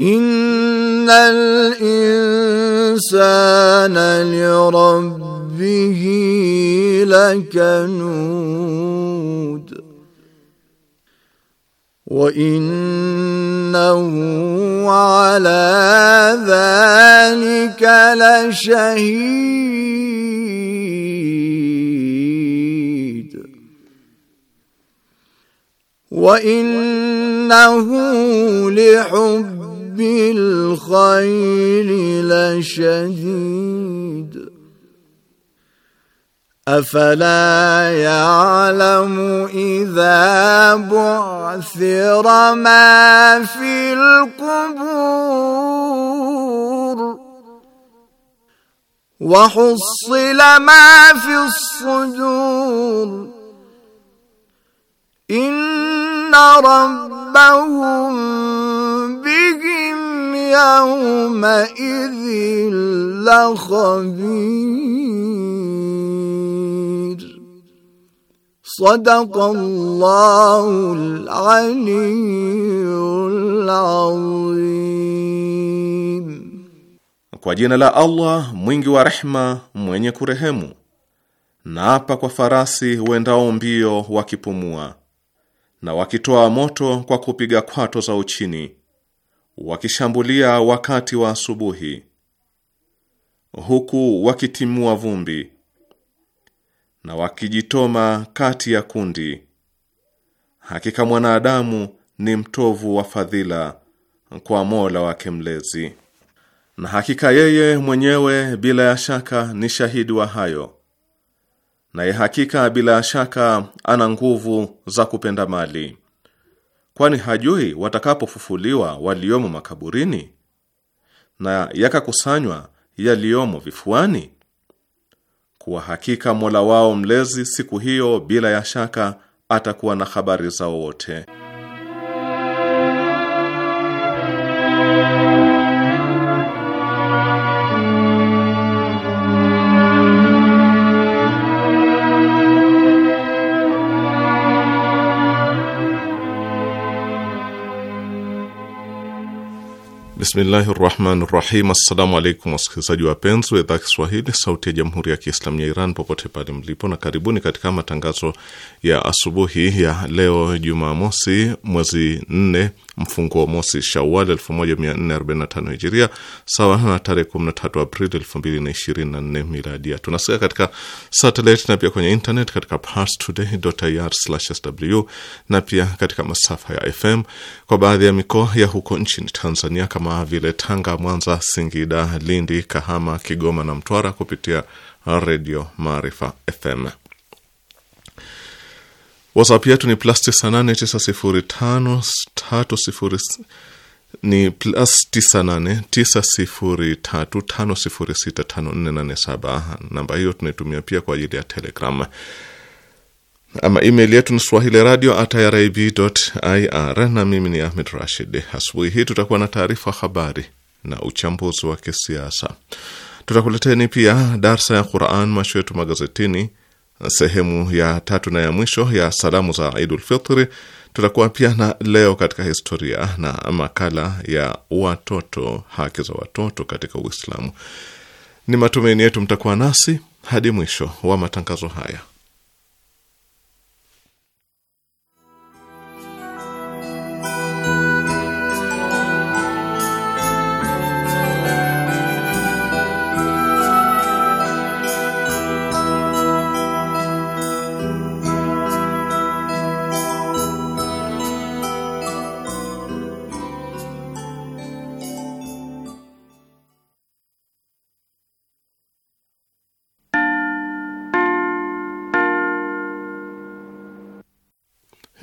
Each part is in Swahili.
ان الانسان لربه لكنود وانه على ذلك لشهيد وانه لحب بالخير لشديد أفلا يعلم إذا بعثر ما في القبور وحصل ما في الصدور إن ربهم بهم يومئذ لخبير صدق الله العلي العظيم Kwa jina la Allah mwingi wa rehma mwenye kurehemu. Naapa kwa farasi wendao mbio wakipumua na wakitoa moto kwa kupiga kwato za uchini wakishambulia wakati wa asubuhi, huku wakitimua vumbi na wakijitoma kati ya kundi. Hakika mwanadamu ni mtovu wa fadhila kwa Mola wake Mlezi, na hakika yeye mwenyewe bila ya shaka ni shahidi wa hayo, naye hakika bila ya shaka ana nguvu za kupenda mali kwani hajui watakapofufuliwa waliomo makaburini na yakakusanywa yaliyomo vifuani? Kuwa hakika Mola wao mlezi siku hiyo bila ya shaka atakuwa na habari zao wote. Bismillahi rahmani rahim. Assalamu alaikum wasikilizaji wapenzi wa idhaa Kiswahili sauti ya jamhuri ya Kiislamu ya Iran popote pale mlipo, na karibuni katika matangazo ya asubuhi ya leo Jumamosi mwezi 4 mfunguo mosi Shawal 1445 Hijiria, sawa na tarehe 13 Aprili 2024 Miladia. Tunasikia katika satellite na pia kwenye internet katika parstoday.ir/sw na pia katika masafa ya FM kwa baadhi ya mikoa ya huko nchini Tanzania kama vile Tanga, Mwanza, Singida, Lindi, Kahama, Kigoma na Mtwara kupitia Redio Maarifa FM. WhatsApp yetu ni plus 98903506 ni plus 989035065487. Namba hiyo tunaitumia pia kwa ajili ya Telegram. Ama email yetu ni swahili radio at irib.ir, na mimi ni Ahmed Rashid. Asubuhi hii tutakuwa na taarifa habari na uchambuzi wa kisiasa. Tutakuleteni pia darsa ya Quran, macho yetu magazetini sehemu ya tatu na ya mwisho ya salamu za Idul Fitri. Tutakuwa pia na leo katika historia na makala ya watoto, haki za watoto katika Uislamu. Ni matumaini yetu mtakuwa nasi hadi mwisho wa matangazo haya.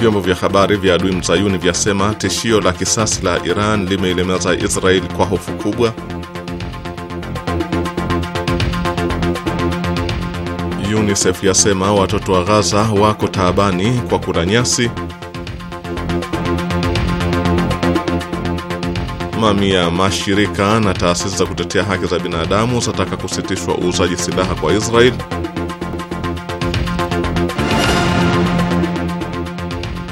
vyombo vya habari vya adui mzayuni vyasema tishio la kisasi la Iran limeilemeza Israel kwa hofu kubwa. UNICEF yasema watoto wa Gaza wako taabani kwa kula nyasi. Mamia mashirika na taasisi za kutetea haki za binadamu zataka kusitishwa uuzaji silaha kwa Israel.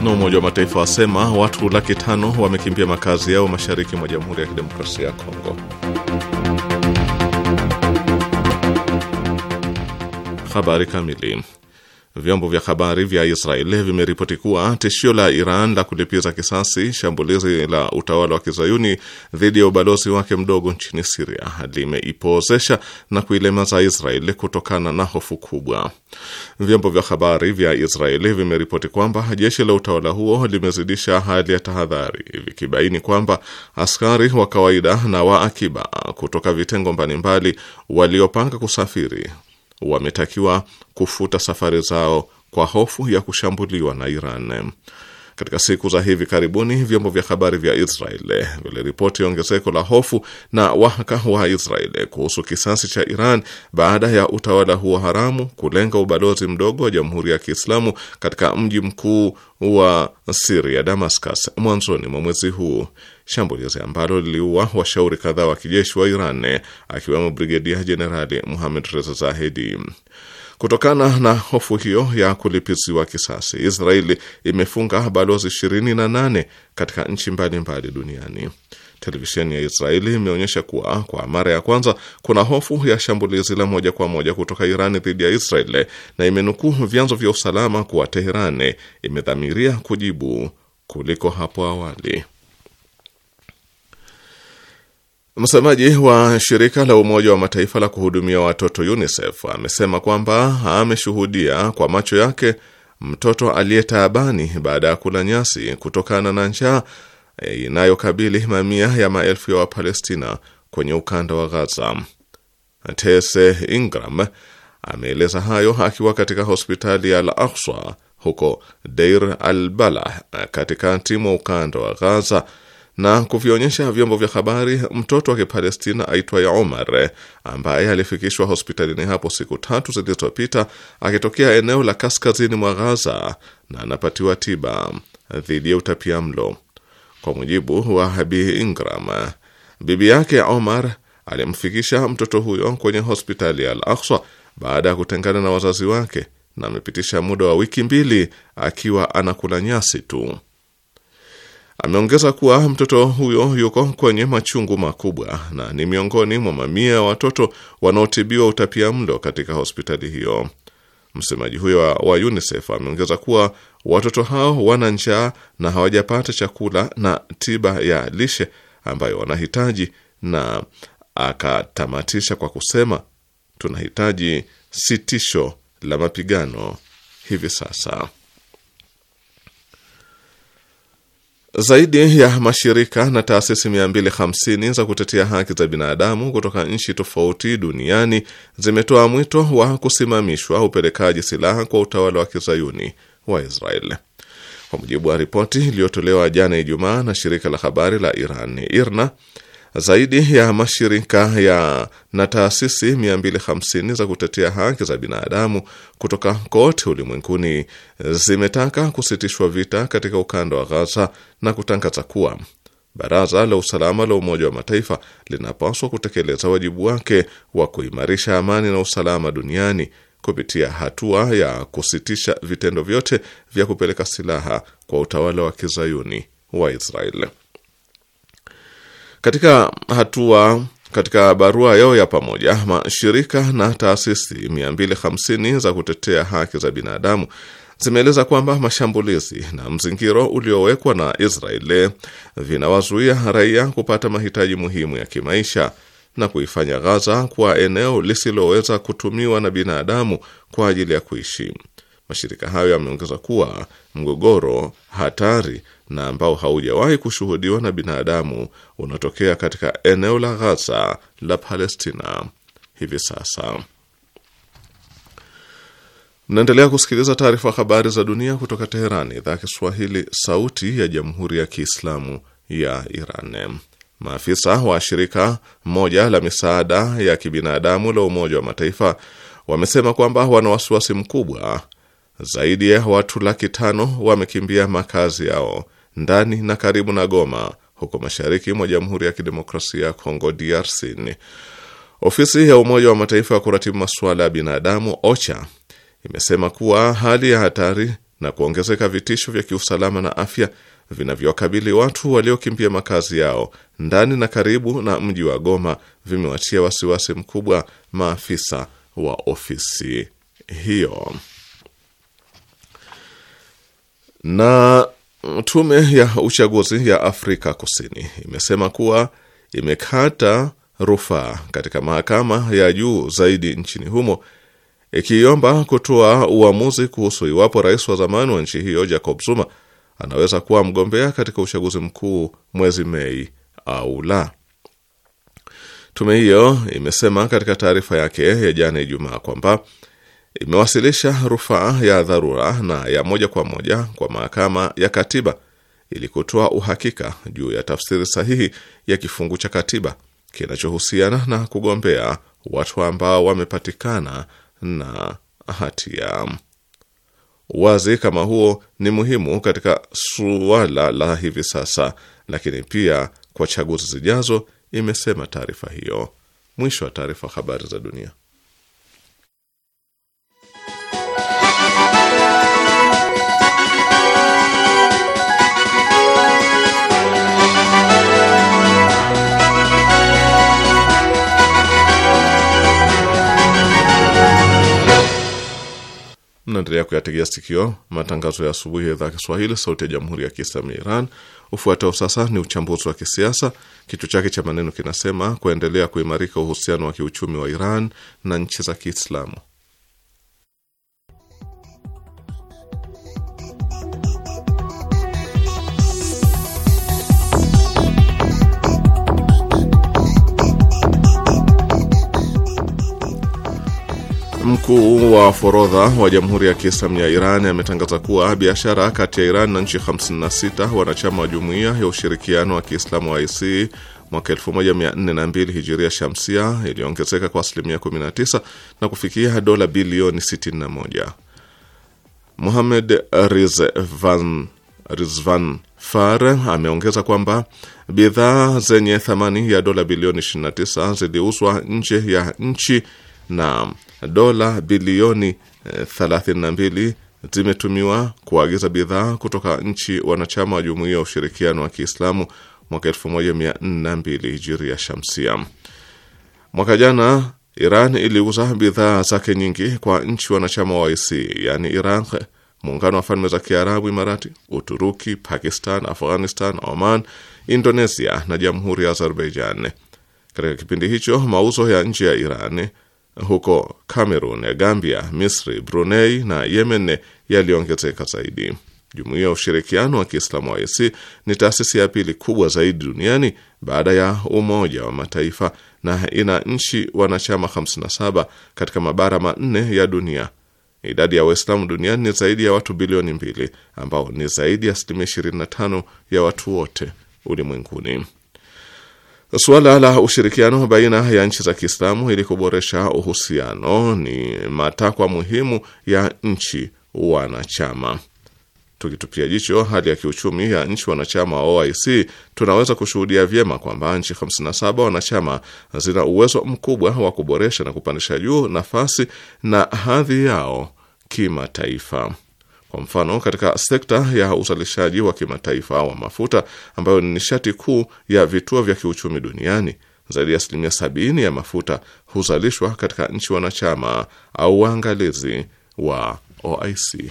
na Umoja wa Mataifa wasema watu laki tano wamekimbia makazi yao mashariki mwa Jamhuri ya Kidemokrasia ya Kongo. Habari kamili. Vyombo vya habari vya Israeli vimeripoti kuwa tishio la Iran la kulipiza kisasi shambulizi la utawala wa kizayuni dhidi ya ubalozi wake mdogo nchini Siria limeipozesha na kuilemaza Israeli kutokana na hofu kubwa. Vyombo vya habari vya Israeli vimeripoti kwamba jeshi la utawala huo limezidisha hali ya tahadhari, vikibaini kwamba askari wa kawaida na wa akiba kutoka vitengo mbalimbali waliopanga kusafiri wametakiwa kufuta safari zao kwa hofu ya kushambuliwa na Iran. Katika siku za hivi karibuni vyombo vya habari vya Israel viliripoti ongezeko la hofu na wahaka wa Israel kuhusu kisasi cha Iran baada ya utawala huo haramu kulenga ubalozi mdogo wa Jamhuri ya Kiislamu katika mji mkuu wa Siria, Damascus, mwanzoni mwa mwezi huu, shambulizi ambalo liliua washauri kadhaa wa kijeshi wa Iran akiwemo Brigedia Jenerali muhamed Reza Zahedi. Kutokana na hofu hiyo ya kulipiziwa kisasi, Israeli imefunga balozi 28 katika nchi mbalimbali duniani. Televisheni ya Israeli imeonyesha kuwa kwa mara ya kwanza kuna hofu ya shambulizi la moja kwa moja kutoka Irani dhidi ya Israeli na imenukuu vyanzo vya usalama kuwa Teherani imedhamiria kujibu kuliko hapo awali. Msemaji wa shirika la Umoja wa Mataifa la kuhudumia watoto UNICEF amesema kwamba ameshuhudia kwa macho yake mtoto aliyetaabani baada ya kula nyasi kutokana na njaa eh, inayokabili mamia ya maelfu ya Wapalestina kwenye ukanda wa Gaza. Tese Ingram ameeleza hayo akiwa katika hospitali ya al akswa huko Deir al-Balah eh, katikati mwa ukanda wa Gaza na kuvionyesha vyombo vya habari mtoto wa Kipalestina aitwaye Omar ambaye alifikishwa hospitalini hapo siku tatu zilizopita akitokea eneo la kaskazini mwa Ghaza na anapatiwa tiba dhidi ya utapia mlo. Kwa mujibu wa Habi Ingram, bibi yake Omar alimfikisha mtoto huyo kwenye hospitali ya al akswa baada ya kutengana na wazazi wake na amepitisha muda wa wiki mbili akiwa anakula nyasi tu. Ameongeza kuwa mtoto huyo yuko kwenye machungu makubwa na ni miongoni mwa mamia ya watoto wanaotibiwa utapia mlo katika hospitali hiyo. Msemaji huyo wa UNICEF ameongeza kuwa watoto hao wana njaa na hawajapata chakula na tiba ya lishe ambayo wanahitaji, na akatamatisha kwa kusema tunahitaji sitisho la mapigano hivi sasa. Zaidi ya mashirika na taasisi 250 za kutetea haki za binadamu kutoka nchi tofauti duniani zimetoa mwito wa kusimamishwa upelekaji silaha kwa utawala wa kizayuni wa israel Kwa mujibu wa ripoti iliyotolewa jana Ijumaa na shirika la habari la Iran IRNA, zaidi ya mashirika ya na taasisi 250 za kutetea haki za binadamu kutoka kote ulimwenguni zimetaka kusitishwa vita katika ukanda wa Gaza na kutangaza kuwa Baraza la Usalama la Umoja wa Mataifa linapaswa kutekeleza wajibu wake wa kuimarisha amani na usalama duniani kupitia hatua ya kusitisha vitendo vyote vya kupeleka silaha kwa utawala wa kizayuni wa Israeli. Katika hatua katika barua yao ya pamoja, mashirika na taasisi 250 za kutetea haki za binadamu zimeeleza kwamba mashambulizi na mzingiro uliowekwa na Israeli vinawazuia raia kupata mahitaji muhimu ya kimaisha na kuifanya Gaza kuwa eneo lisiloweza kutumiwa na binadamu kwa ajili ya kuishi. Mashirika hayo yameongeza kuwa mgogoro hatari na ambao haujawahi kushuhudiwa na binadamu unatokea katika eneo la Ghaza la Palestina hivi sasa. Mnaendelea kusikiliza taarifa habari za dunia kutoka Teherani, idhaa Kiswahili, sauti ya jamhuri ya kiislamu ya Iran. Maafisa wa shirika moja la misaada ya kibinadamu la Umoja wa Mataifa wamesema kwamba wana wasiwasi mkubwa. Zaidi ya watu laki tano wamekimbia makazi yao ndani na karibu na Goma huko mashariki mwa Jamhuri ya Kidemokrasia ya Kongo DRC. Ofisi ya Umoja wa Mataifa ya kuratibu masuala ya binadamu OCHA imesema kuwa hali ya hatari na kuongezeka vitisho vya kiusalama na afya vinavyowakabili watu waliokimbia makazi yao ndani na karibu na mji wa Goma vimewatia wasiwasi mkubwa maafisa wa ofisi hiyo. Na Tume ya uchaguzi ya Afrika Kusini imesema kuwa imekata rufaa katika mahakama ya juu zaidi nchini humo ikiomba kutoa uamuzi kuhusu iwapo rais wa zamani wa nchi hiyo Jacob Zuma anaweza kuwa mgombea katika uchaguzi mkuu mwezi Mei au la. Tume hiyo imesema katika taarifa yake ya jana Ijumaa kwamba imewasilisha rufaa ya dharura na ya moja kwa moja kwa mahakama ya katiba ili kutoa uhakika juu ya tafsiri sahihi ya kifungu cha katiba kinachohusiana na kugombea watu ambao wamepatikana na hatia. Uwazi kama huo ni muhimu katika suala la hivi sasa, lakini pia kwa chaguzi zijazo, imesema taarifa hiyo. Mwisho wa taarifa. Habari za dunia. Mnaendelea kuyategea sikio matangazo ya asubuhi ya idhaa Kiswahili sauti ya jamhuri ya kiislamu ya Iran. Ufuatao sasa ni uchambuzi wa kisiasa, kichwa chake cha maneno kinasema kuendelea kuimarika uhusiano wa kiuchumi wa Iran na nchi za Kiislamu. Mkuu wa forodha wa Jamhuri ya Kiislamu ya Iran ametangaza kuwa biashara kati ya Iran na nchi 56 wanachama wa Jumuiya ya Ushirikiano wa Kiislamu wa IC mwaka 1402 hijiria shamsia iliyoongezeka kwa asilimia 19 na kufikia dola bilioni 61. Mohamed Rizvan Rizvan Far ameongeza kwamba bidhaa zenye thamani ya dola bilioni 29 ziliuzwa nje ya nchi na dola bilioni 32 eh, zimetumiwa kuagiza bidhaa kutoka nchi wanachama wa Jumuiya ya Ushirikiano wa Kiislamu mwaka 1402 Hijiria Shamsia. Mwaka jana Iran iliuza bidhaa zake nyingi kwa nchi wanachama wa OIC, yani Iraq, Muungano wa Falme za Kiarabu Imarati, Uturuki, Pakistan, Afghanistan, Oman, Indonesia na Jamhuri ya Azerbaijan. Katika kipindi hicho mauzo ya nje ya Iran huko Cameroon, Gambia, Misri, Brunei na Yemen yaliongezeka zaidi. Jumuiya ya Ushirikiano wa Kiislamu wa OIC ni taasisi ya pili kubwa zaidi duniani baada ya Umoja wa Mataifa na ina nchi wanachama 57 katika mabara manne ya dunia. Idadi ya Waislamu duniani ni zaidi ya watu bilioni mbili ambao ni zaidi ya asilimia 25 ya watu wote ulimwenguni. Suala la ushirikiano baina ya nchi za Kiislamu ili kuboresha uhusiano ni matakwa muhimu ya nchi wanachama. Tukitupia jicho hali ya kiuchumi ya nchi wanachama wa OIC, tunaweza kushuhudia vyema kwamba nchi 57 wanachama zina uwezo mkubwa wa kuboresha na kupandisha juu nafasi na hadhi yao kimataifa. Kwa mfano, katika sekta ya uzalishaji wa kimataifa wa mafuta ambayo ni nishati kuu ya vituo vya kiuchumi duniani, zaidi ya asilimia sabini ya mafuta huzalishwa katika nchi wanachama au waangalizi wa OIC.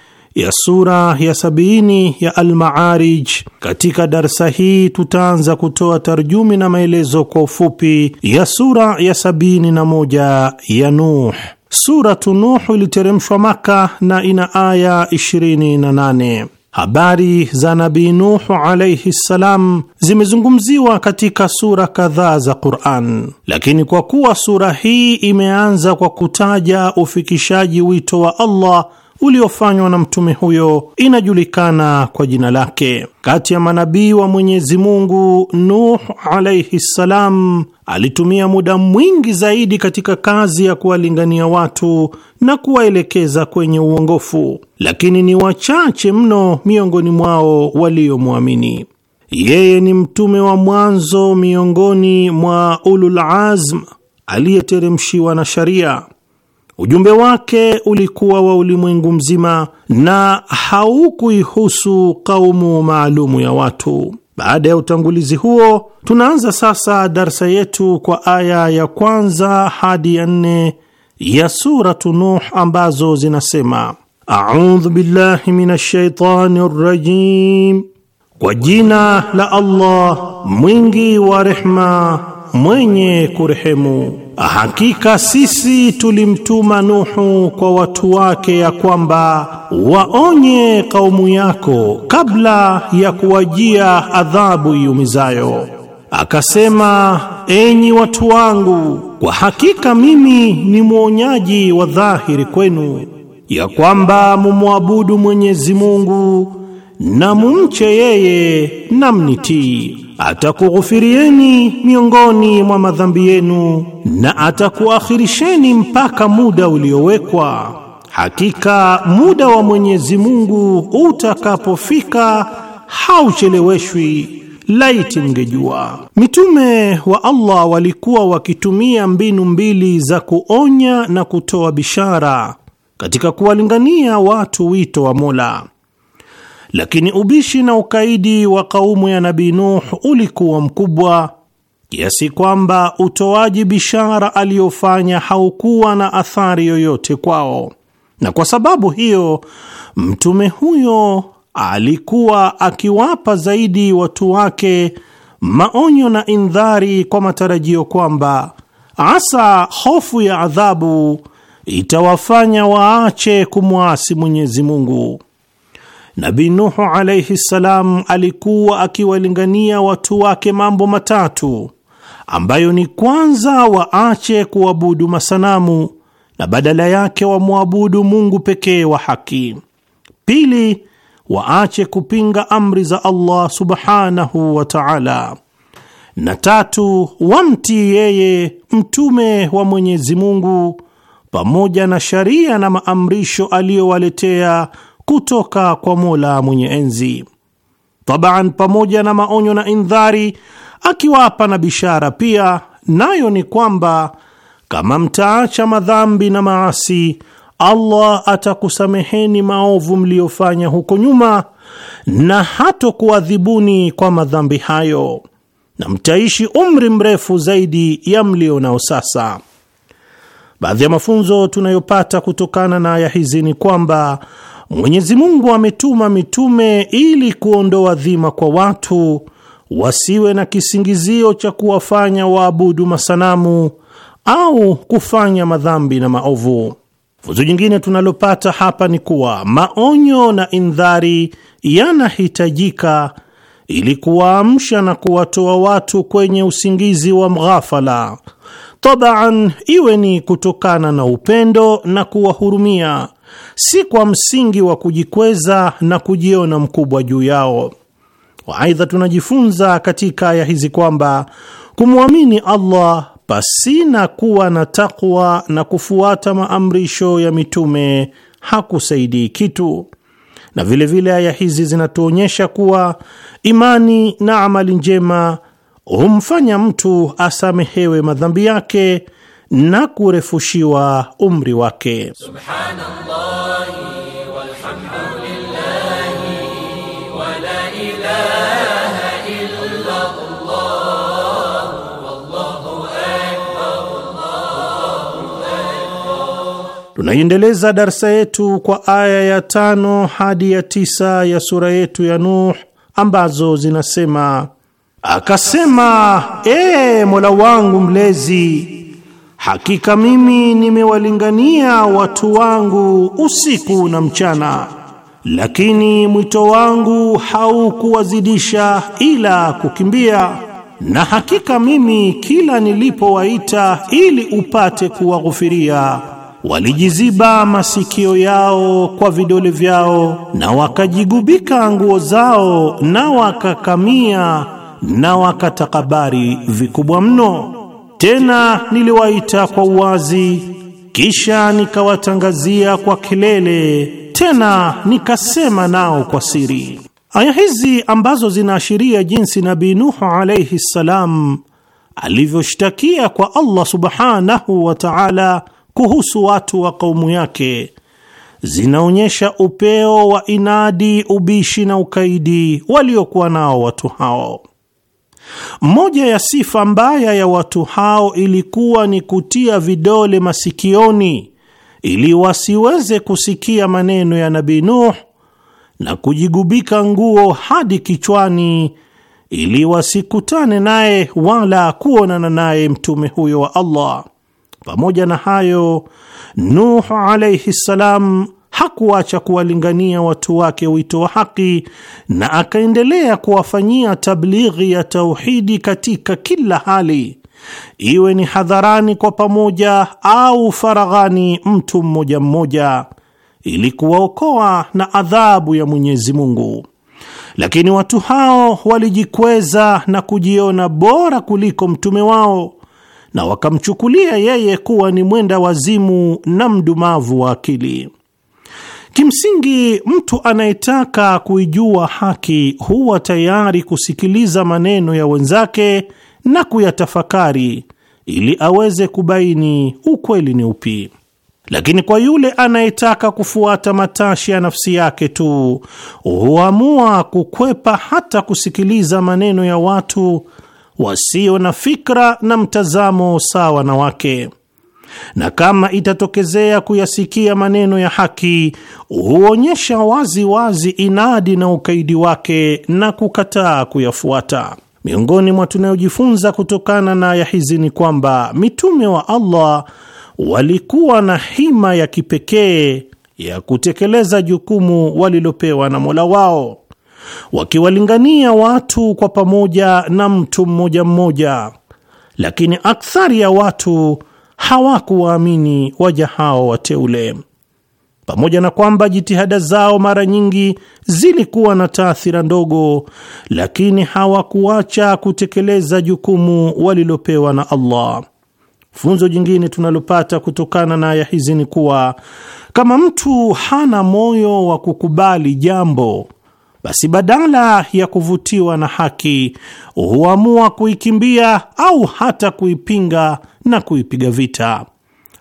ya sura ya sabini ya Al-Maarij. Katika darsa hii tutaanza kutoa tarjumi na maelezo kwa ufupi ya sura ya sabini na moja ya Nuh. Suratu Nuh iliteremshwa Maka na ina aya 28. Habari za Nabii Nuhu alayhi ssalam zimezungumziwa katika sura kadhaa za Qur'an, lakini kwa kuwa sura hii imeanza kwa kutaja ufikishaji wito wa Allah uliofanywa na mtume huyo inajulikana kwa jina lake. Kati ya manabii wa Mwenyezi Mungu, Nuh alaihi ssalam alitumia muda mwingi zaidi katika kazi ya kuwalingania watu na kuwaelekeza kwenye uongofu, lakini ni wachache mno miongoni mwao waliomwamini. Yeye ni mtume wa mwanzo miongoni mwa ulul azm aliyeteremshiwa na sharia Ujumbe wake ulikuwa wa ulimwengu mzima na haukuihusu kaumu maalumu ya watu. Baada ya utangulizi huo, tunaanza sasa darsa yetu kwa aya ya kwanza hadi ya nne ya Suratu Nuh ambazo zinasema: audhu billahi minash shaitani rajim, kwa jina la Allah mwingi wa rehma mwenye kurehemu. Hakika sisi tulimtuma Nuhu kwa watu wake ya kwamba waonye kaumu yako kabla ya kuwajia adhabu iumizayo. Akasema, enyi watu wangu, kwa hakika mimi ni mwonyaji wa dhahiri kwenu ya kwamba mumwabudu Mwenyezi Mungu na mumche yeye na mnitii, atakughufirieni miongoni mwa madhambi yenu na atakuakhirisheni mpaka muda uliowekwa. Hakika muda wa Mwenyezi Mungu utakapofika haucheleweshwi. Laiti mngejua. Mitume wa Allah walikuwa wakitumia mbinu mbili za kuonya na kutoa bishara katika kuwalingania watu wito wa Mola. Lakini ubishi na ukaidi wa kaumu ya Nabii Nuh ulikuwa mkubwa kiasi kwamba utoaji bishara aliyofanya haukuwa na athari yoyote kwao, na kwa sababu hiyo mtume huyo alikuwa akiwapa zaidi watu wake maonyo na indhari kwa matarajio kwamba asa hofu ya adhabu itawafanya waache kumwasi Mwenyezi Mungu nabi Nuhu alaihi ssalam alikuwa akiwalingania watu wake mambo matatu ambayo ni kwanza, waache kuabudu masanamu na badala yake wamwabudu Mungu pekee wa haki; pili, waache kupinga amri za Allah subhanahu wa ta'ala; na tatu, wamtii yeye mtume wa Mwenyezi Mungu pamoja na sharia na maamrisho aliyowaletea kutoka kwa Mola mwenye enzi. Tabaan, pamoja na maonyo na indhari, akiwapa na bishara pia, nayo ni kwamba kama mtaacha madhambi na maasi, Allah atakusameheni maovu mliyofanya huko nyuma na hatokuadhibuni kwa madhambi hayo, na mtaishi umri mrefu zaidi ya mlio nao sasa. Baadhi ya mafunzo tunayopata kutokana na aya hizi ni kwamba Mwenyezi Mungu ametuma mitume ili kuondoa dhima kwa watu wasiwe na kisingizio cha kuwafanya waabudu masanamu au kufanya madhambi na maovu. Funzo jingine tunalopata hapa ni kuwa maonyo na indhari yanahitajika ili kuwaamsha na kuwatoa watu kwenye usingizi wa mghafala tabaan, iwe ni kutokana na upendo na kuwahurumia, si kwa msingi wa kujikweza na kujiona mkubwa juu yao. Waaidha, tunajifunza katika aya hizi kwamba kumwamini Allah pasina kuwa na takwa na kufuata maamrisho ya mitume hakusaidii kitu. Na vilevile aya hizi zinatuonyesha kuwa imani na amali njema humfanya mtu asamehewe madhambi yake na kurefushiwa umri wake. Subhanallah. Tunaiendeleza darsa yetu kwa aya ya tano hadi ya tisa ya sura yetu ya Nuh ambazo zinasema Akasema, ee Mola wangu mlezi, hakika mimi nimewalingania watu wangu usiku na mchana, lakini mwito wangu haukuwazidisha ila kukimbia, na hakika mimi kila nilipowaita ili upate kuwaghufiria walijiziba masikio yao kwa vidole vyao na wakajigubika nguo zao na wakakamia na wakatakabari vikubwa mno. Tena niliwaita kwa uwazi, kisha nikawatangazia kwa kelele, tena nikasema nao kwa siri. Aya hizi ambazo zinaashiria jinsi Nabii Nuhu alayhi ssalam alivyoshtakia kwa Allah subhanahu wa ta'ala kuhusu watu wa kaumu yake zinaonyesha upeo wa inadi, ubishi na ukaidi waliokuwa nao watu hao. Moja ya sifa mbaya ya watu hao ilikuwa ni kutia vidole masikioni ili wasiweze kusikia maneno ya Nabii Nuh na kujigubika nguo hadi kichwani ili wasikutane naye wala kuonana naye mtume huyo wa Allah. Pamoja na hayo, Nuh alayhi salam hakuacha kuwalingania watu wake wito wa haki na akaendelea kuwafanyia tablighi ya tauhidi katika kila hali, iwe ni hadharani kwa pamoja au faraghani, mtu mmoja mmoja, ili kuwaokoa na adhabu ya Mwenyezi Mungu. Lakini watu hao walijikweza na kujiona bora kuliko mtume wao na wakamchukulia yeye kuwa ni mwenda wazimu na mdumavu wa akili. Kimsingi, mtu anayetaka kuijua haki huwa tayari kusikiliza maneno ya wenzake na kuyatafakari ili aweze kubaini ukweli ni upi. Lakini kwa yule anayetaka kufuata matashi ya nafsi yake tu, huamua kukwepa hata kusikiliza maneno ya watu wasio na fikra na mtazamo sawa na wake na kama itatokezea kuyasikia maneno ya haki huonyesha wazi wazi inadi na ukaidi wake na kukataa kuyafuata. Miongoni mwa tunayojifunza kutokana na aya hizi ni kwamba mitume wa Allah walikuwa na hima ya kipekee ya kutekeleza jukumu walilopewa na Mola wao, wakiwalingania watu kwa pamoja na mtu mmoja mmoja, lakini akthari ya watu hawakuwaamini waja hao wateule, pamoja na kwamba jitihada zao mara nyingi zilikuwa na taathira ndogo, lakini hawakuacha kutekeleza jukumu walilopewa na Allah. Funzo jingine tunalopata kutokana na aya hizi ni kuwa kama mtu hana moyo wa kukubali jambo basi badala ya kuvutiwa na haki huamua kuikimbia au hata kuipinga na kuipiga vita.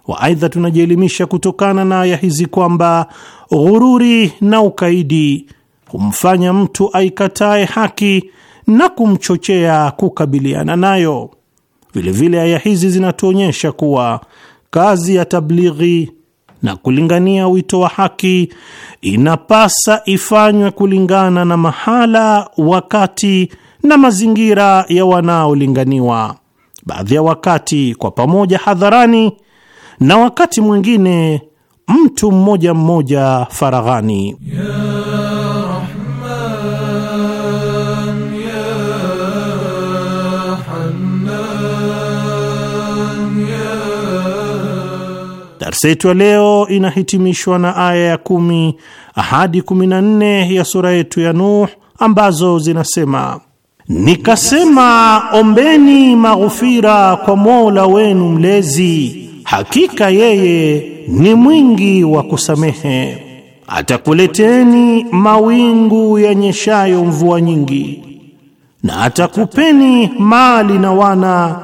Waaidha, tunajielimisha kutokana na aya hizi kwamba ghururi na ukaidi humfanya mtu aikatae haki na kumchochea kukabiliana nayo. Vilevile aya hizi zinatuonyesha kuwa kazi ya tablighi na kulingania wito wa haki inapasa ifanywe kulingana na mahala, wakati na mazingira ya wanaolinganiwa, baadhi ya wakati kwa pamoja hadharani, na wakati mwingine mtu mmoja mmoja faraghani, yeah. Darsa yetu ya leo inahitimishwa na aya ya kumi hadi kumi na nne ya sura yetu ya Nuh ambazo zinasema: Nikasema, ombeni maghfira kwa Mola wenu mlezi, hakika yeye ni mwingi wa kusamehe. Atakuleteni mawingu yanyeshayo mvua nyingi, na atakupeni mali na wana,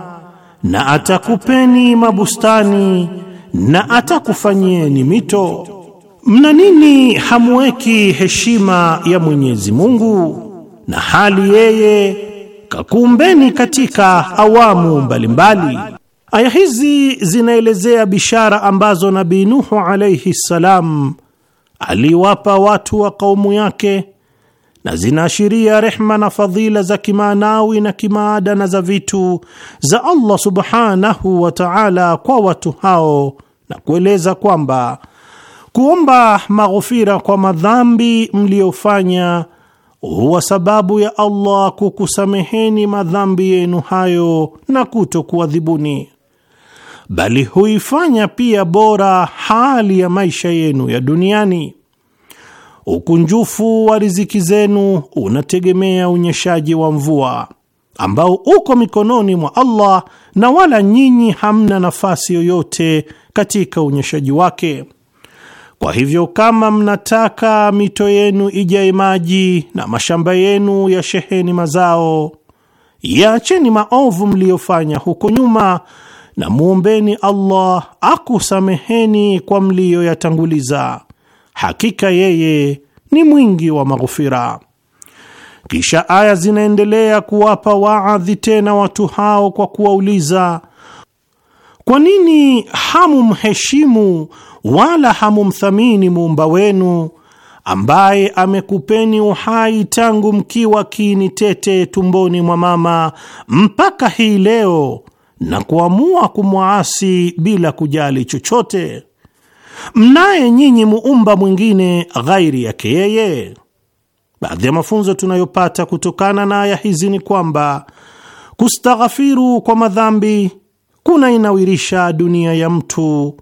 na atakupeni mabustani na atakufanyieni mito. Mna nini hamweki heshima ya Mwenyezi Mungu, na hali yeye kakuumbeni katika awamu mbalimbali? Aya hizi zinaelezea bishara ambazo Nabii Nuhu alayhi ssalam aliwapa watu wa kaumu yake na zinaashiria rehma na fadhila za kimaanawi na kimaada na za vitu za Allah subhanahu wa ta'ala kwa watu hao na kueleza kwamba kuomba maghufira kwa madhambi mliyofanya huwa sababu ya Allah kukusameheni madhambi yenu hayo na kutokuadhibuni, bali huifanya pia bora hali ya maisha yenu ya duniani. Ukunjufu wa riziki zenu unategemea unyeshaji wa mvua ambao uko mikononi mwa Allah na wala nyinyi hamna nafasi yoyote katika unyeshaji wake. Kwa hivyo, kama mnataka mito yenu ijae maji na mashamba yenu yasheheni mazao, yaacheni maovu mliyofanya huko nyuma na mwombeni Allah akusameheni kwa mliyoyatanguliza. Hakika yeye ni mwingi wa maghufira. Kisha aya zinaendelea kuwapa waadhi tena watu hao kwa kuwauliza, kwa nini hamumheshimu wala hamumthamini muumba wenu ambaye amekupeni uhai tangu mkiwa kiini tete tumboni mwa mama mpaka hii leo na kuamua kumwaasi bila kujali chochote? Mnaye nyinyi muumba mwingine ghairi yake yeye? Baadhi ya mafunzo tunayopata kutokana na aya hizi ni kwamba kustaghafiru kwa madhambi kunainawirisha dunia ya mtu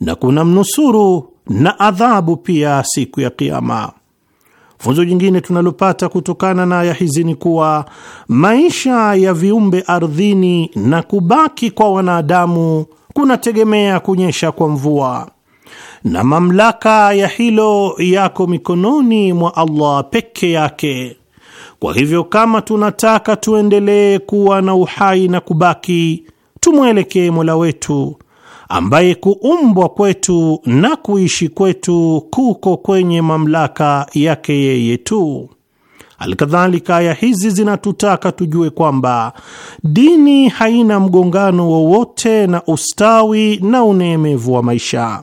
na kuna mnusuru na adhabu pia siku ya Kiama. Funzo jingine tunalopata kutokana na aya hizi ni kuwa maisha ya viumbe ardhini na kubaki kwa wanadamu kunategemea kunyesha kwa mvua na mamlaka ya hilo yako mikononi mwa Allah peke yake. Kwa hivyo, kama tunataka tuendelee kuwa na uhai na kubaki, tumwelekee Mola wetu ambaye kuumbwa kwetu na kuishi kwetu kuko kwenye mamlaka yake yeye tu. Alkadhalika, aya hizi zinatutaka tujue kwamba dini haina mgongano wowote na ustawi na unemevu wa maisha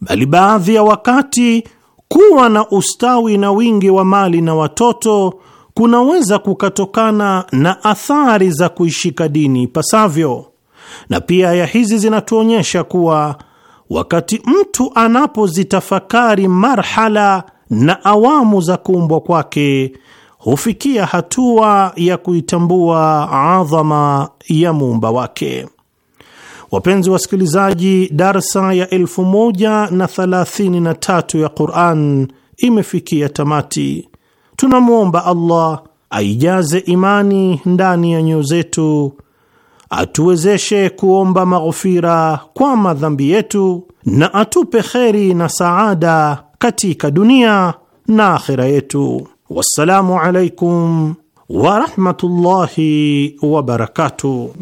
bali baadhi ya wakati kuwa na ustawi na wingi wa mali na watoto kunaweza kukatokana na athari za kuishika dini ipasavyo. Na pia aya hizi zinatuonyesha kuwa wakati mtu anapozitafakari marhala na awamu za kuumbwa kwake hufikia hatua ya kuitambua adhama ya muumba wake. Wapenzi wasikilizaji, darsa ya elfu moja na thalathini na tatu ya Quran imefikia tamati. Tunamwomba Allah aijaze imani ndani ya nyoyo zetu, atuwezeshe kuomba maghfira kwa madhambi yetu, na atupe kheri na saada katika dunia na akhera yetu. Wassalamu alaikum wa rahmatullahi wa barakatuh.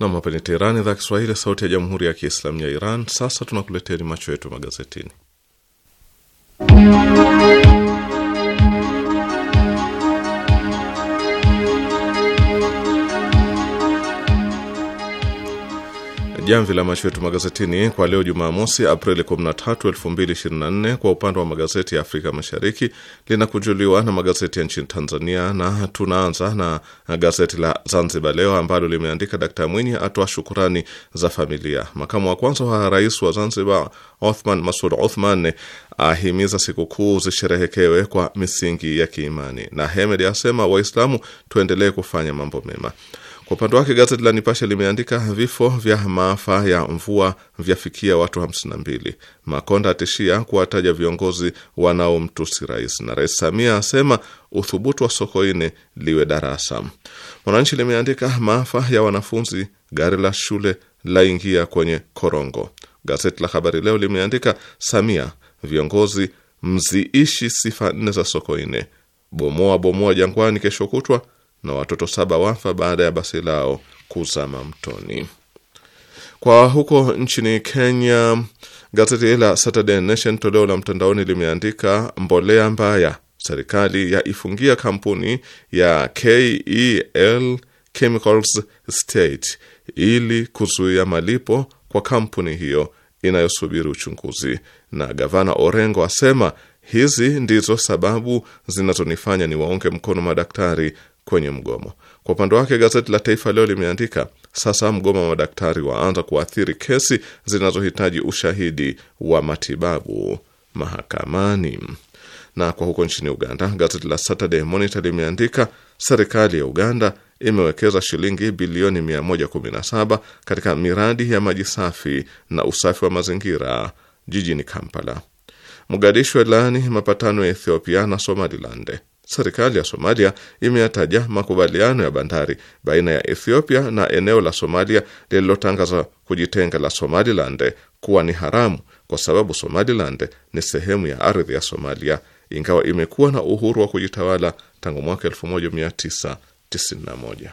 Nam, hapa ni Teherani, idhaa Kiswahili, sauti ya jamhuri ya kiislamu ya Iran. Sasa tunakuletea ni macho yetu magazetini jamvi la macho yetu magazetini kwa leo Jumamosi, Aprili 13, 2024. Kwa upande wa magazeti ya Afrika Mashariki linakujuliwa na magazeti ya nchini Tanzania, na tunaanza na gazeti la Zanzibar Leo ambalo limeandika Dkt Mwinyi atoa shukurani za familia. Makamu wa kwanza wa rais wa Zanzibar Othman Masud Othman ahimiza sikukuu zisherehekewe kwa misingi ya kiimani, na Hemed asema Waislamu tuendelee kufanya mambo mema. Kwa upande wake gazeti la Nipashe limeandika vifo vya maafa ya mvua vyafikia watu 52. Makonda atishia kuwataja viongozi wanaomtusi rais, na Rais Samia asema uthubutu wa Sokoine liwe darasa. Mwananchi limeandika maafa ya wanafunzi, gari la shule laingia kwenye korongo. Gazeti la Habari Leo limeandika Samia, viongozi mziishi sifa nne za Sokoine, bomoa bomoa Jangwani kesho kutwa na watoto saba wafa baada ya basi lao kuzama mtoni. Kwa huko nchini Kenya, gazeti la Saturday Nation toleo la mtandaoni limeandika mbolea mbaya, serikali yaifungia kampuni ya KEL Chemicals State ili kuzuia malipo kwa kampuni hiyo inayosubiri uchunguzi. Na gavana Orengo asema hizi ndizo sababu zinazonifanya niwaunge mkono madaktari kwenye mgomo. Kwa upande wake gazeti la Taifa Leo limeandika sasa mgomo wa madaktari waanza kuathiri kesi zinazohitaji ushahidi wa matibabu mahakamani. Na kwa huko nchini Uganda, gazeti la Saturday Monitor limeandika serikali ya Uganda imewekeza shilingi bilioni 117 katika miradi ya maji safi na usafi wa mazingira jijini Kampala. Mogadishu alaani mapatano ya Ethiopia na Somaliland serikali ya Somalia imeyataja makubaliano ya bandari baina ya Ethiopia na eneo la Somalia lililotangaza kujitenga la Somaliland kuwa ni haramu kwa sababu Somaliland ni sehemu ya ardhi ya Somalia, ingawa imekuwa na uhuru wa kujitawala tangu mwaka 1991.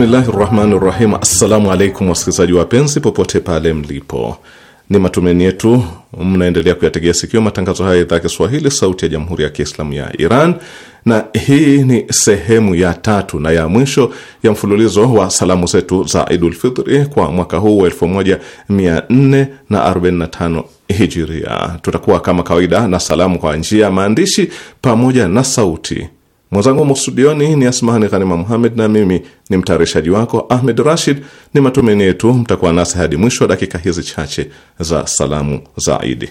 Bismillahi rahmani rahim. Assalamu alaikum wasikilizaji wapenzi, popote pale mlipo, ni matumaini yetu mnaendelea kuyategea sikio matangazo haya ya idhaa ya Kiswahili, sauti ya jamhuri ya kiislamu ya Iran, na hii ni sehemu ya tatu na ya mwisho ya mfululizo wa salamu zetu za Idul Fitri kwa mwaka huu wa 1445 Hijiria. Tutakuwa kama kawaida na salamu kwa njia ya maandishi pamoja na sauti Mwenzangu mu studioni ni Asmahani Ghanima Muhamed na mimi ni mtayarishaji wako Ahmed Rashid. Ni matumaini yetu mtakuwa nasi hadi mwisho wa dakika hizi chache za salamu za Idi.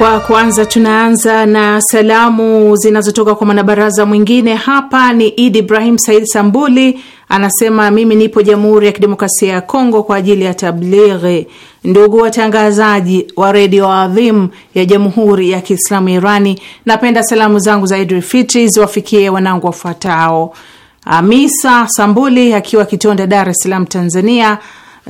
Kwa kwanza tunaanza na salamu zinazotoka kwa mwanabaraza mwingine hapa. Ni Idi Ibrahim Said Sambuli anasema, mimi nipo Jamhuri ya Kidemokrasia ya Kongo kwa ajili ya tablighi. Ndugu watangazaji wa redio adhimu ya Jamhuri ya Kiislamu Irani, napenda salamu zangu za Idul Fitri ziwafikie wanangu wafuatao: Amisa Sambuli akiwa Kitonda, Dar es Salaam, Tanzania;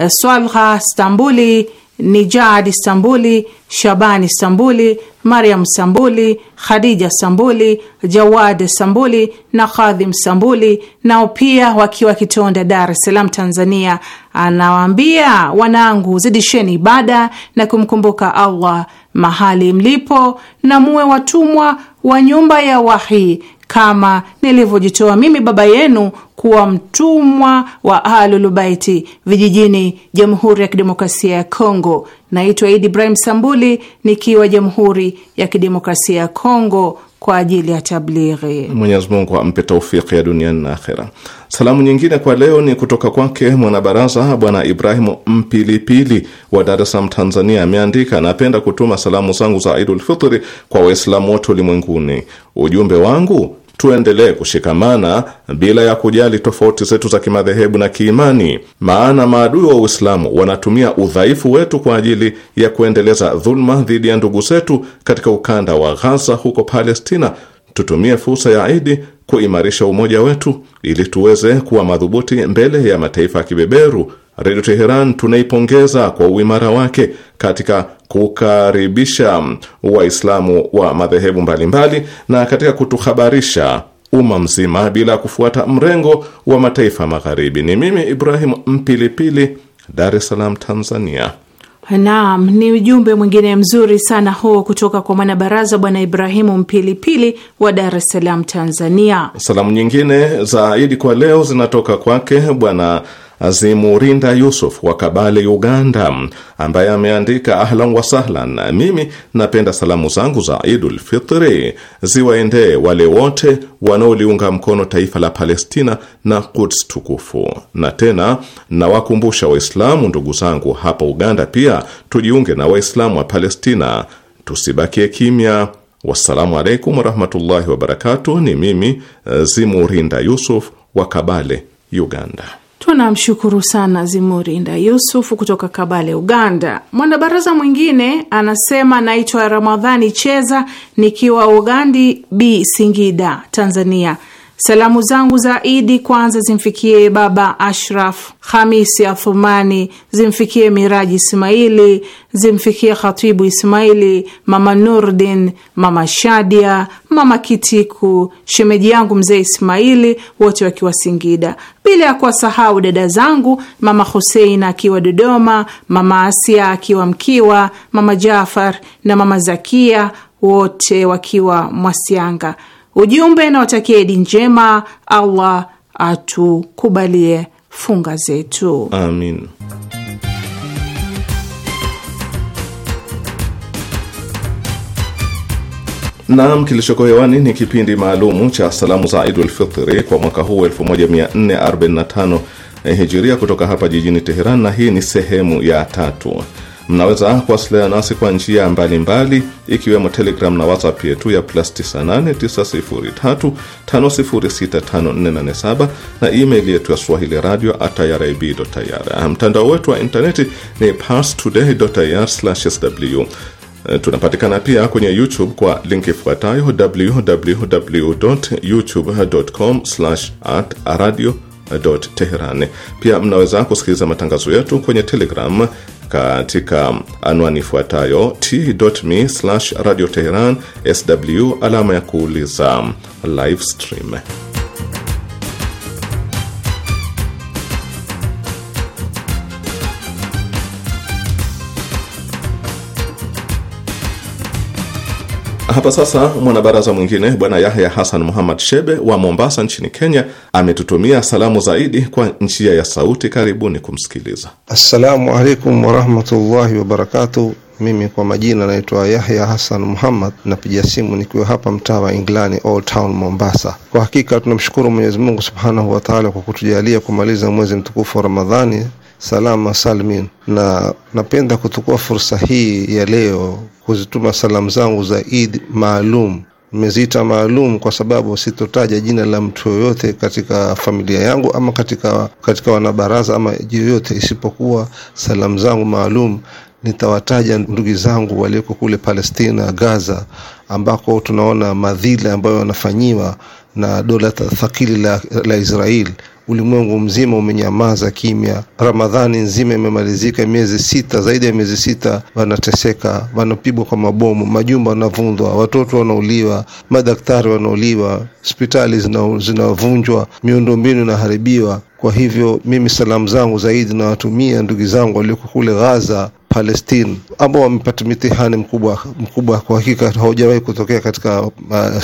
Swalha Stambuli Nijad Sambuli, Shabani Sambuli, Mariam Sambuli, Khadija Sambuli, Jawad Sambuli na Khadhim Sambuli, nao pia wakiwa Kitonda, Dar es Salaam, Tanzania. Anawaambia wanangu, zidisheni ibada na kumkumbuka Allah mahali mlipo, na muwe watumwa wa nyumba ya wahi kama nilivyojitoa mimi baba yenu kuwa mtumwa wa alulubaiti vijijini, Jamhuri ya Kidemokrasia ya Kongo. Naitwa Idi Ibrahim Sambuli nikiwa Jamhuri ya Kidemokrasia ya Kongo kwa ajili ya tablighi. Mwenyezi Mungu ampe taufiki ya duniani na akhera. Salamu nyingine kwa leo ni kutoka kwake mwanabaraza Bwana Ibrahimu Mpilipili wa Dar es Salaam, Tanzania. Ameandika, anapenda kutuma salamu zangu za Idulfitri kwa Waislamu wote ulimwenguni. Ujumbe wangu tuendelee kushikamana bila ya kujali tofauti zetu za kimadhehebu na kiimani, maana maadui wa Uislamu wanatumia udhaifu wetu kwa ajili ya kuendeleza dhuluma dhidi ya ndugu zetu katika ukanda wa Ghaza huko Palestina. Tutumie fursa ya Idi kuimarisha umoja wetu ili tuweze kuwa madhubuti mbele ya mataifa ya kibeberu Redio Teheran tunaipongeza kwa uimara wake katika kukaribisha Waislamu wa madhehebu mbalimbali na katika kutuhabarisha umma mzima bila kufuata mrengo wa mataifa magharibi. Ni mimi Ibrahim Mpilipili, Dar es Salaam, Tanzania. Naam, ni ujumbe mwingine mzuri sana huo kutoka kwa mwanabaraza Bwana Ibrahimu Mpilipili wa Dar es Salaam, Tanzania. Salamu nyingine za Idi kwa leo zinatoka kwake Bwana Zimurinda Yusuf wa Kabale, Uganda, ambaye ameandika ahlan wa sahlan, mimi napenda salamu zangu za Idul Fitri ziwaendee wale wote wanaoliunga mkono taifa la Palestina na Quds tukufu. Na tena nawakumbusha Waislamu ndugu zangu hapa Uganda pia tujiunge na Waislamu wa Palestina, tusibakie kimya. Wassalamu alaikum warahmatullahi wabarakatuh. Ni mimi Zimurinda Yusuf wa Kabale, Uganda. Tunamshukuru sana Zimurinda Yusufu kutoka Kabale, Uganda. Mwanabaraza mwingine anasema, naitwa Ramadhani Cheza nikiwa Ugandi B, Singida, Tanzania. Salamu zangu za Idi kwanza zimfikie baba Ashraf Hamisi Athumani, zimfikie Miraji Ismaili, zimfikie Khatibu Ismaili, mama Nurdin, mama Shadia, mama Kitiku, shemeji yangu mzee Ismaili, wote wakiwa Singida, bila ya kuwasahau dada zangu mama Husein akiwa Dodoma, mama Asia akiwa Mkiwa, mama Jafar na mama Zakia, wote wakiwa Mwasianga ujumbe na watakia Idi njema. Allah atukubalie funga zetu, amin. Naam, kilichoko hewani ni kipindi maalumu cha salamu za Idul Fitri kwa mwaka huu 1445 eh, hijiria kutoka hapa jijini Teheran, na hii ni sehemu ya tatu. Mnaweza kuwasiliana nasi kwa njia mbalimbali ikiwemo Telegram na WhatsApp yetu ya plus 989035065487 na email yetu ya swahili radio at irib.ir. Mtandao wetu wa intaneti ni parstoday.ir/sw. Eh, tunapatikana pia kwenye YouTube kwa link ifuatayo www.youtube.com/radio Teherani. Pia mnaweza kusikiliza matangazo yetu kwenye Telegram katika anwani ifuatayo t.me radio teheran sw alama ya kuuliza live stream. Hapa sasa, mwanabaraza mwingine Bwana Yahya Hassan Muhammad Shebe wa Mombasa nchini Kenya ametutumia salamu zaidi kwa njia ya sauti. Karibuni kumsikiliza. Assalamu alaikum warahmatullahi wabarakatu. Mimi kwa majina naitwa Yahya Hassan Muhammad, napiga simu nikiwa hapa mtaa wa Englani, Old Town Mombasa. Kwa hakika tunamshukuru Mwenyezi Mungu subhanahu wataala kwa kutujalia kumaliza mwezi mtukufu wa Ramadhani salama salmin, na napenda kuchukua fursa hii ya leo kuzituma salamu zangu za Eid maalum Nimeziita maalum kwa sababu sitotaja jina la mtu yoyote katika familia yangu ama katika, katika wanabaraza ama yoyote, isipokuwa salamu zangu maalum nitawataja ndugu zangu walioko kule Palestina, Gaza, ambako tunaona madhila ambayo wanafanyiwa na dola thakili la, la Israel. Ulimwengu mzima umenyamaza kimya, Ramadhani nzima imemalizika, miezi sita, zaidi ya miezi sita, wanateseka, wanapigwa kwa mabomu, majumba wanavundwa, watoto wanauliwa, madaktari wanauliwa, hospitali zinavunjwa, miundombinu inaharibiwa. Kwa hivyo mimi salamu zangu zaidi nawatumia ndugu zangu walioko kule Gaza, Palestine ambao wamepata mitihani mkubwa mkubwa, kwa hakika haujawahi kutokea katika uh,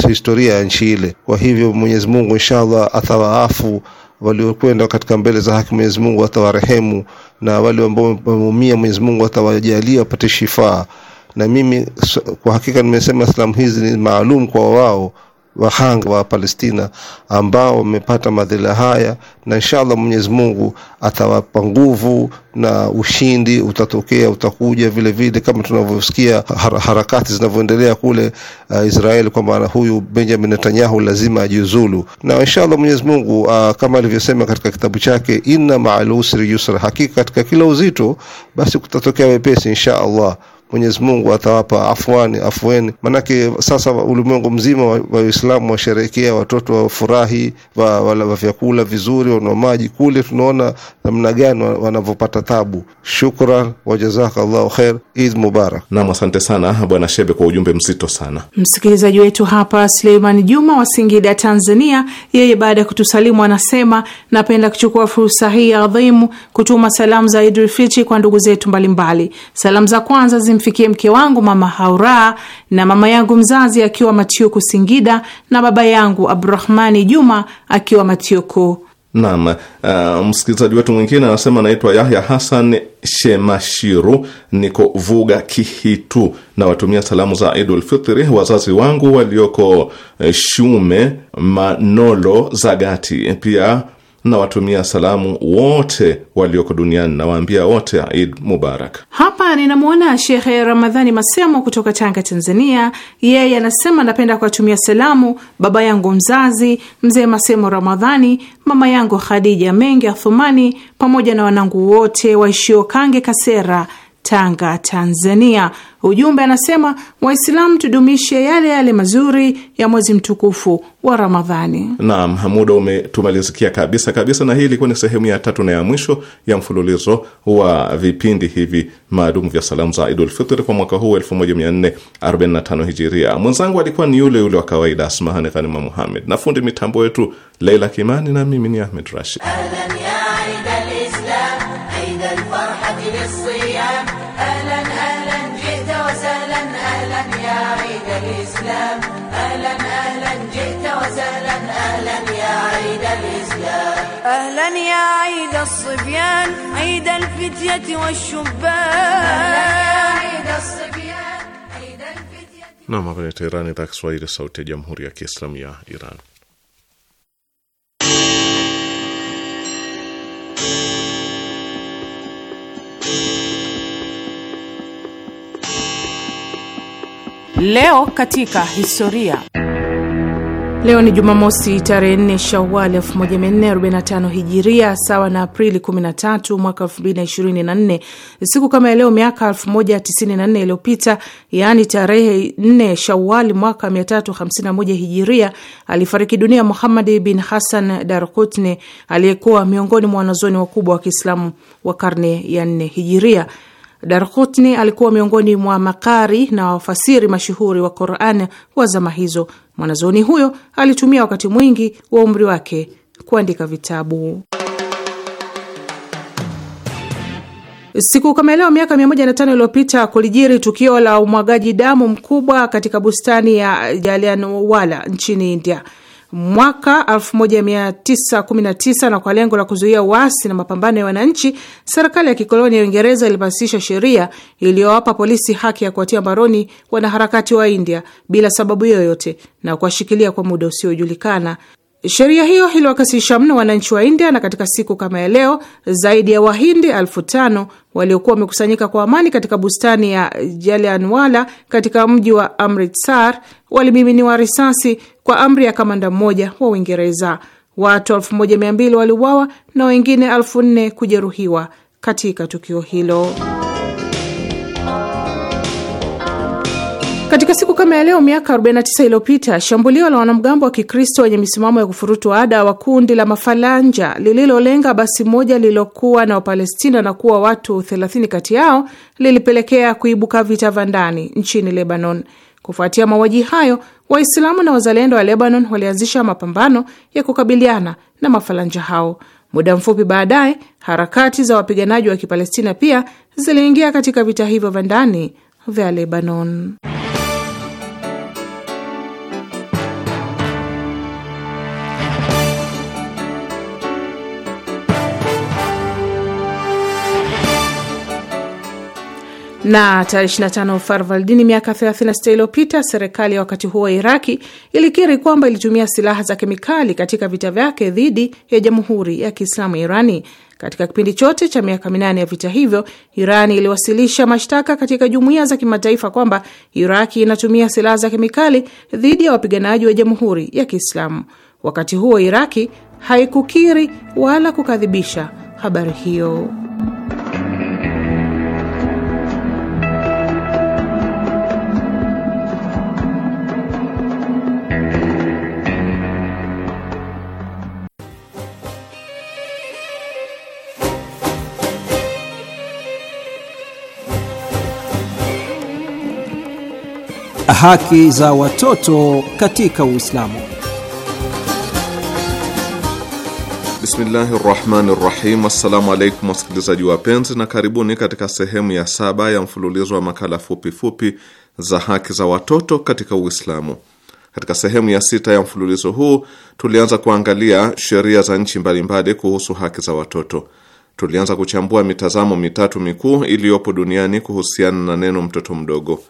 historia ya nchi ile. Kwa hivyo Mwenyezi Mungu inshallah atawaafu waliokwenda katika mbele za haki, Mwenyezi Mungu atawarehemu, na wale ambao wameumia, Mwenyezi Mungu atawajalia wapate shifaa. Na mimi kwa hakika nimesema salamu hizi ni maalum kwa wao wahanga wa Palestina ambao wamepata madhila haya, na inshallah Mwenyezi Mungu atawapa nguvu na ushindi utatokea, utakuja vile vile, kama tunavyosikia har harakati zinavyoendelea kule uh, Israeli kwamba huyu Benjamin Netanyahu lazima ajiuzulu, na inshallah Mwenyezi Mungu uh, kama alivyosema katika kitabu chake, inna ma'al usri yusra, hakika katika kila uzito basi kutatokea wepesi inshallah. Mwenyezi Mungu atawapa afwani afueni. Manake sasa ulimwengu mzima wa Waislamu washerekea, watoto wafurahi, wa, wa, wa vyakula vizuri, wanwa maji. Kule tunaona namna gani wanavyopata tabu. Shukran wa jazakallahu khair. Eid mubarak. Naam, asante sana Bwana Shebe kwa ujumbe mzito sana. Msikilizaji wetu hapa Suleiman Juma wa Singida, Tanzania, yeye baada ya kutusalimu anasema, napenda kuchukua fursa hii adhimu kutuma salamu za Idul Fitri kwa ndugu zetu mbalimbali. Salamu za kwanza zim zimfikie mke wangu mama Haura na mama yangu mzazi akiwa Matioko Singida na baba yangu Abdurahmani Juma akiwa Matioko. Naam. Uh, msikilizaji wetu mwingine anasema anaitwa Yahya Hasan Shemashiru, niko Vuga Kihitu, na watumia salamu za Idul Fitri wazazi wangu walioko eh, Shume Manolo Zagati, pia Nawatumia salamu wote walioko duniani, nawaambia wote aid Mubarak. Hapa ninamwona Shehe Ramadhani Masemo kutoka Tanga, Tanzania. Yeye anasema napenda kuwatumia salamu baba yangu mzazi mzee Masemo Ramadhani, mama yangu Khadija Mengi Athumani, pamoja na wanangu wote waishio Kange Kasera Tanga, Tanzania. Ujumbe anasema Waislamu tudumishe yale yale mazuri ya mwezi mtukufu wa Ramadhani. Naam, muda umetumalizikia kabisa kabisa, na hii ilikuwa ni sehemu ya tatu na ya mwisho ya mfululizo wa vipindi hivi maalumu vya salamu za Idul Fitri kwa mwaka huu 1445 Hijiria. Mwenzangu alikuwa ni yule yule wa kawaida Asmahani Ghanima muhammed na fundi mitambo wetu Leila Kimani na mimi ni Ahmed Rashid. اهلا يا عيد الصبيان عيد الفتية والشبان أهلا يا عيد الصبيان idhaa Kiswahili, sauti ya jamhuri ya kiislamu ya Iran. Leo katika historia Leo ni Jumamosi tarehe 4 Shawali 1445 Hijiria, sawa na Aprili 13 mwaka 2024. Siku kama leo miaka 1094 iliyopita, yaani tarehe 4 Shawali mwaka 351 Hijiria, alifariki dunia Muhammad bin Hassan Darqutni aliyekuwa miongoni mwa wanazoni wakubwa wa Kiislamu wa karne ya 4 Hijiria. Darqutni alikuwa miongoni mwa makari na wafasiri mashuhuri wa Quran wa zama hizo. Mwanazuoni huyo alitumia wakati mwingi wa umri wake kuandika vitabu. Siku kama leo miaka 105 iliyopita kulijiri tukio la umwagaji damu mkubwa katika bustani ya Jalianwala nchini India. Mwaka 1919 na kwa lengo la kuzuia uasi na mapambano ya wananchi, serikali ya kikoloni ya Uingereza ilipasisha sheria iliyowapa polisi haki ya kuwatia mbaroni wanaharakati wa India bila sababu yoyote na kuwashikilia kwa muda usiojulikana Sheria hiyo iliwakasisha mno wananchi wa India, na katika siku kama ya leo zaidi ya Wahindi elfu tano waliokuwa wamekusanyika kwa amani katika bustani ya Jalianwala katika mji wa Amritsar walimiminiwa risasi kwa amri ya kamanda mmoja wa Uingereza. Watu 1200 waliuawa na wengine nne kujeruhiwa katika tukio hilo. Katika siku kama ya leo miaka 49 iliyopita shambulio la wanamgambo wa Kikristo wenye misimamo ya kufurutu ada wa kundi la Mafalanja lililolenga basi moja lililokuwa na Wapalestina na kuwa watu 30 kati yao lilipelekea kuibuka vita vya ndani nchini Lebanon. Kufuatia mauaji hayo, Waislamu na wazalendo wa Lebanon walianzisha mapambano ya kukabiliana na Mafalanja hao. Muda mfupi baadaye, harakati za wapiganaji wa Kipalestina pia ziliingia katika vita hivyo vya ndani vya Lebanon. Na tarehe 25 Farvaldini, miaka 36 iliyopita, serikali ya wakati huo Iraki ilikiri kwamba ilitumia silaha za kemikali katika vita vyake dhidi ya Jamhuri ya Kiislamu Irani. Katika kipindi chote cha miaka minane ya vita hivyo, Irani iliwasilisha mashtaka katika jumuiya za kimataifa kwamba Iraki inatumia silaha za kemikali dhidi ya wapiganaji wa Jamhuri ya Kiislamu. Wakati huo Iraki haikukiri wala kukadhibisha habari hiyo. Haki za watoto katika Uislamu. Bismillahi rahmani rahim. Assalamu alaikum wasikilizaji wapenzi, na karibuni katika sehemu ya saba ya mfululizo wa makala fupifupi fupi za haki za watoto katika Uislamu. Katika sehemu ya sita ya mfululizo huu tulianza kuangalia sheria za nchi mbalimbali kuhusu haki za watoto. Tulianza kuchambua mitazamo mitatu mikuu iliyopo duniani kuhusiana na neno mtoto mdogo.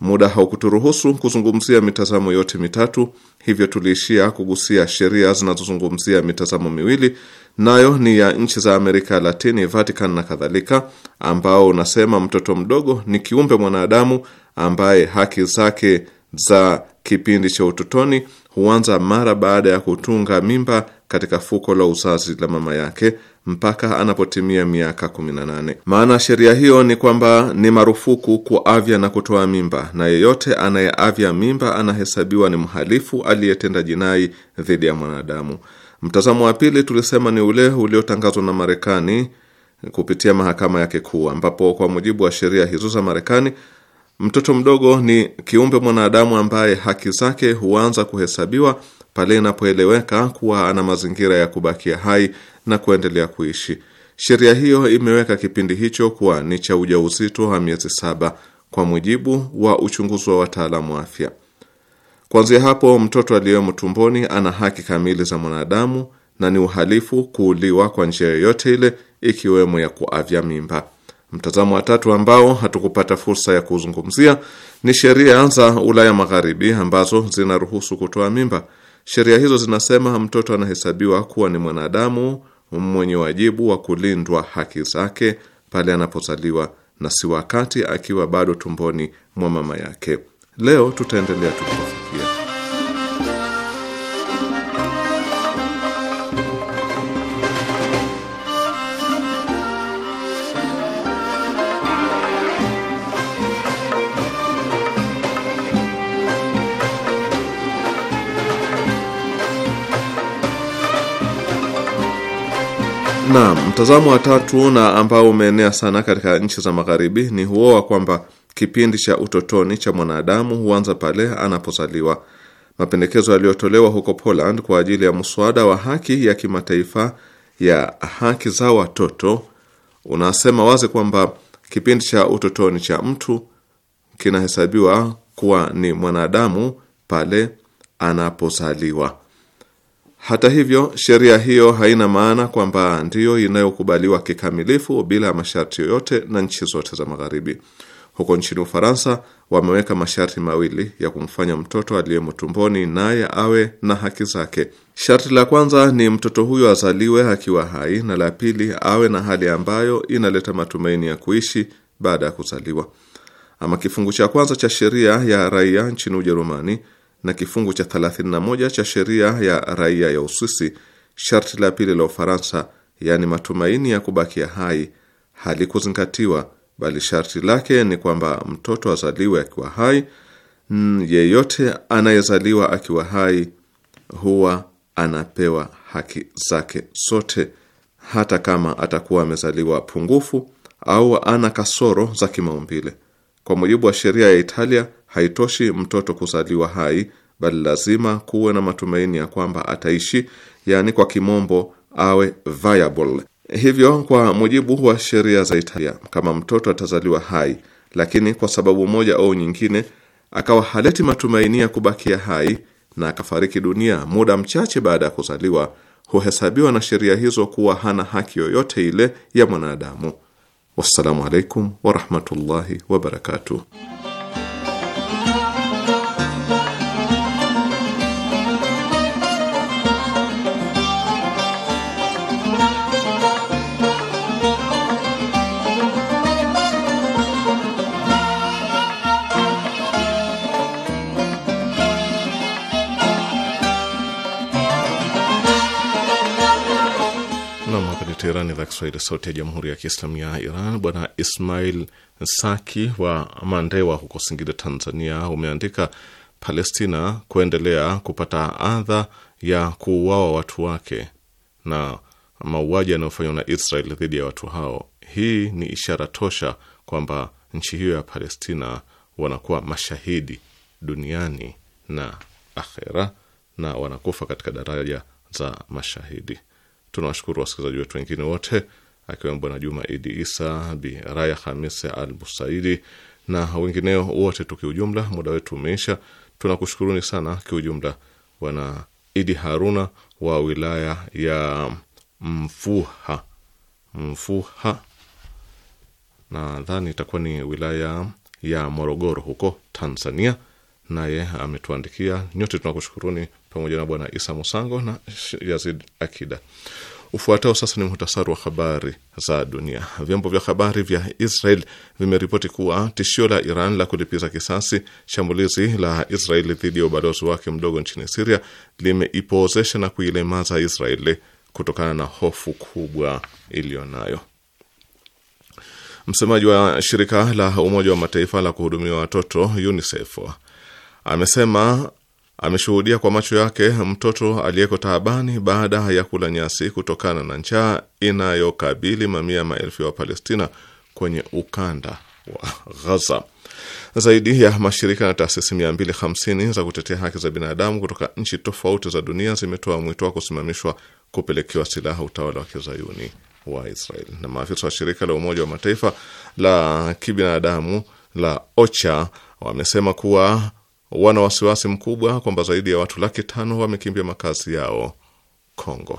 Muda haukuturuhusu kuzungumzia mitazamo yote mitatu, hivyo tuliishia kugusia sheria zinazozungumzia mitazamo miwili, nayo ni ya nchi za Amerika ya Latini, Vatican na kadhalika, ambao unasema mtoto mdogo ni kiumbe mwanadamu ambaye haki zake za kipindi cha utotoni huanza mara baada ya kutunga mimba katika fuko la uzazi la mama yake mpaka anapotimia miaka 18. Maana sheria hiyo ni kwamba ni marufuku kuavya na kutoa mimba, na yeyote anayeavya mimba anahesabiwa ni mhalifu aliyetenda jinai dhidi ya mwanadamu. Mtazamo wa pili tulisema ni ule uliotangazwa na Marekani kupitia mahakama yake kuu, ambapo kwa mujibu wa sheria hizo za Marekani mtoto mdogo ni kiumbe mwanadamu ambaye haki zake huanza kuhesabiwa pale inapoeleweka kuwa ana mazingira ya kubakia hai na kuendelea kuishi. Sheria hiyo imeweka kipindi hicho kuwa ni cha ujauzito wa miezi saba kwa mujibu wa uchunguzi wa wataalamu wa afya. Kuanzia hapo, mtoto aliyemo tumboni ana haki kamili za mwanadamu na ni uhalifu kuuliwa kwa njia yoyote ile, ikiwemo ya kuavya mimba. Mtazamo wa tatu ambao hatukupata fursa ya kuzungumzia ni sheria za Ulaya Magharibi ambazo zinaruhusu kutoa mimba. Sheria hizo zinasema mtoto anahesabiwa kuwa ni mwanadamu mwenye wajibu wa kulindwa haki zake pale anapozaliwa na si wakati akiwa bado tumboni mwa mama yake. Leo tutaendelea tukifikia Na mtazamo wa tatu na ambao umeenea sana katika nchi za magharibi ni huo wa kwamba kipindi cha utotoni cha mwanadamu huanza pale anapozaliwa. Mapendekezo yaliyotolewa huko Poland kwa ajili ya mswada wa haki ya kimataifa ya haki za watoto unasema wazi kwamba kipindi cha utotoni cha mtu kinahesabiwa kuwa ni mwanadamu pale anapozaliwa. Hata hivyo, sheria hiyo haina maana kwamba ndiyo inayokubaliwa kikamilifu bila ya masharti yoyote na nchi zote za Magharibi. Huko nchini Ufaransa wameweka masharti mawili ya kumfanya mtoto aliyemo tumboni naye awe na haki zake. Sharti la kwanza ni mtoto huyo azaliwe akiwa hai, na la pili awe na hali ambayo inaleta matumaini ya kuishi baada ya kuzaliwa. Ama kifungu cha kwanza cha sheria ya raia nchini Ujerumani na kifungu cha 31 cha sheria ya raia ya Uswisi, sharti la pili la Ufaransa, yaani matumaini ya kubakia hai, halikuzingatiwa, bali sharti lake ni kwamba mtoto azaliwe akiwa hai. Mm, yeyote anayezaliwa akiwa hai huwa anapewa haki zake zote, hata kama atakuwa amezaliwa pungufu au ana kasoro za kimaumbile. Kwa mujibu wa sheria ya Italia haitoshi mtoto kuzaliwa hai, bali lazima kuwe na matumaini ya kwamba ataishi, yaani kwa kimombo awe viable. Hivyo kwa mujibu wa sheria za Italia, kama mtoto atazaliwa hai, lakini kwa sababu moja au nyingine akawa haleti matumaini ya kubakia hai na akafariki dunia muda mchache baada ya kuzaliwa, huhesabiwa na sheria hizo kuwa hana haki yoyote ile ya mwanadamu. Wassalamu alaikum warahmatullahi wabarakatuh. Thank you. Kiswahili sauti ya Jamhuri ya Kiislamu ya Iran. Bwana Ismail Saki wa Mandewa huko Singida, Tanzania, umeandika Palestina kuendelea kupata adha ya kuuawa watu wake na mauaji yanayofanywa na Israel dhidi ya watu hao. Hii ni ishara tosha kwamba nchi hiyo ya Palestina wanakuwa mashahidi duniani na akhera, na wanakufa katika daraja za mashahidi. Tunawashukuru wasikilizaji wetu wengine wote akiwemo Bwana Juma Idi Isa, Bi Raya Hamis Al Busaidi na wengineo wote. Tukiujumla, muda wetu umeisha. Tunakushukuruni sana kiujumla, Bwana Idi Haruna wa wilaya ya Mfuha, Mfuha nadhani itakuwa ni wilaya ya Morogoro huko Tanzania, naye ametuandikia. Nyote tunakushukuruni pamoja na Bwana Isa Musango na Yazid Akida. Ufuatao sasa ni muhtasari wa habari za dunia. Vyombo vya habari vya Israel vimeripoti kuwa tishio la Iran la kulipiza kisasi shambulizi la israel dhidi ya ubalozi wake mdogo nchini Siria limeipozesha na kuilemaza Israeli kutokana na hofu kubwa iliyonayo. Msemaji wa shirika la Umoja wa Mataifa la kuhudumia watoto UNICEF amesema ameshuhudia kwa macho yake mtoto aliyeko taabani baada ya kula nyasi kutokana na njaa inayokabili mamia maelfu ya Wapalestina kwenye ukanda wa Ghaza. Zaidi ya mashirika na taasisi 250 za kutetea haki za binadamu kutoka nchi tofauti za dunia zimetoa mwito wa kusimamishwa kupelekewa silaha utawala wa kizayuni wa Israel. Na maafisa wa shirika la Umoja wa Mataifa la kibinadamu la OCHA wamesema kuwa wana wasiwasi mkubwa kwamba zaidi ya watu laki tano wamekimbia makazi yao Kongo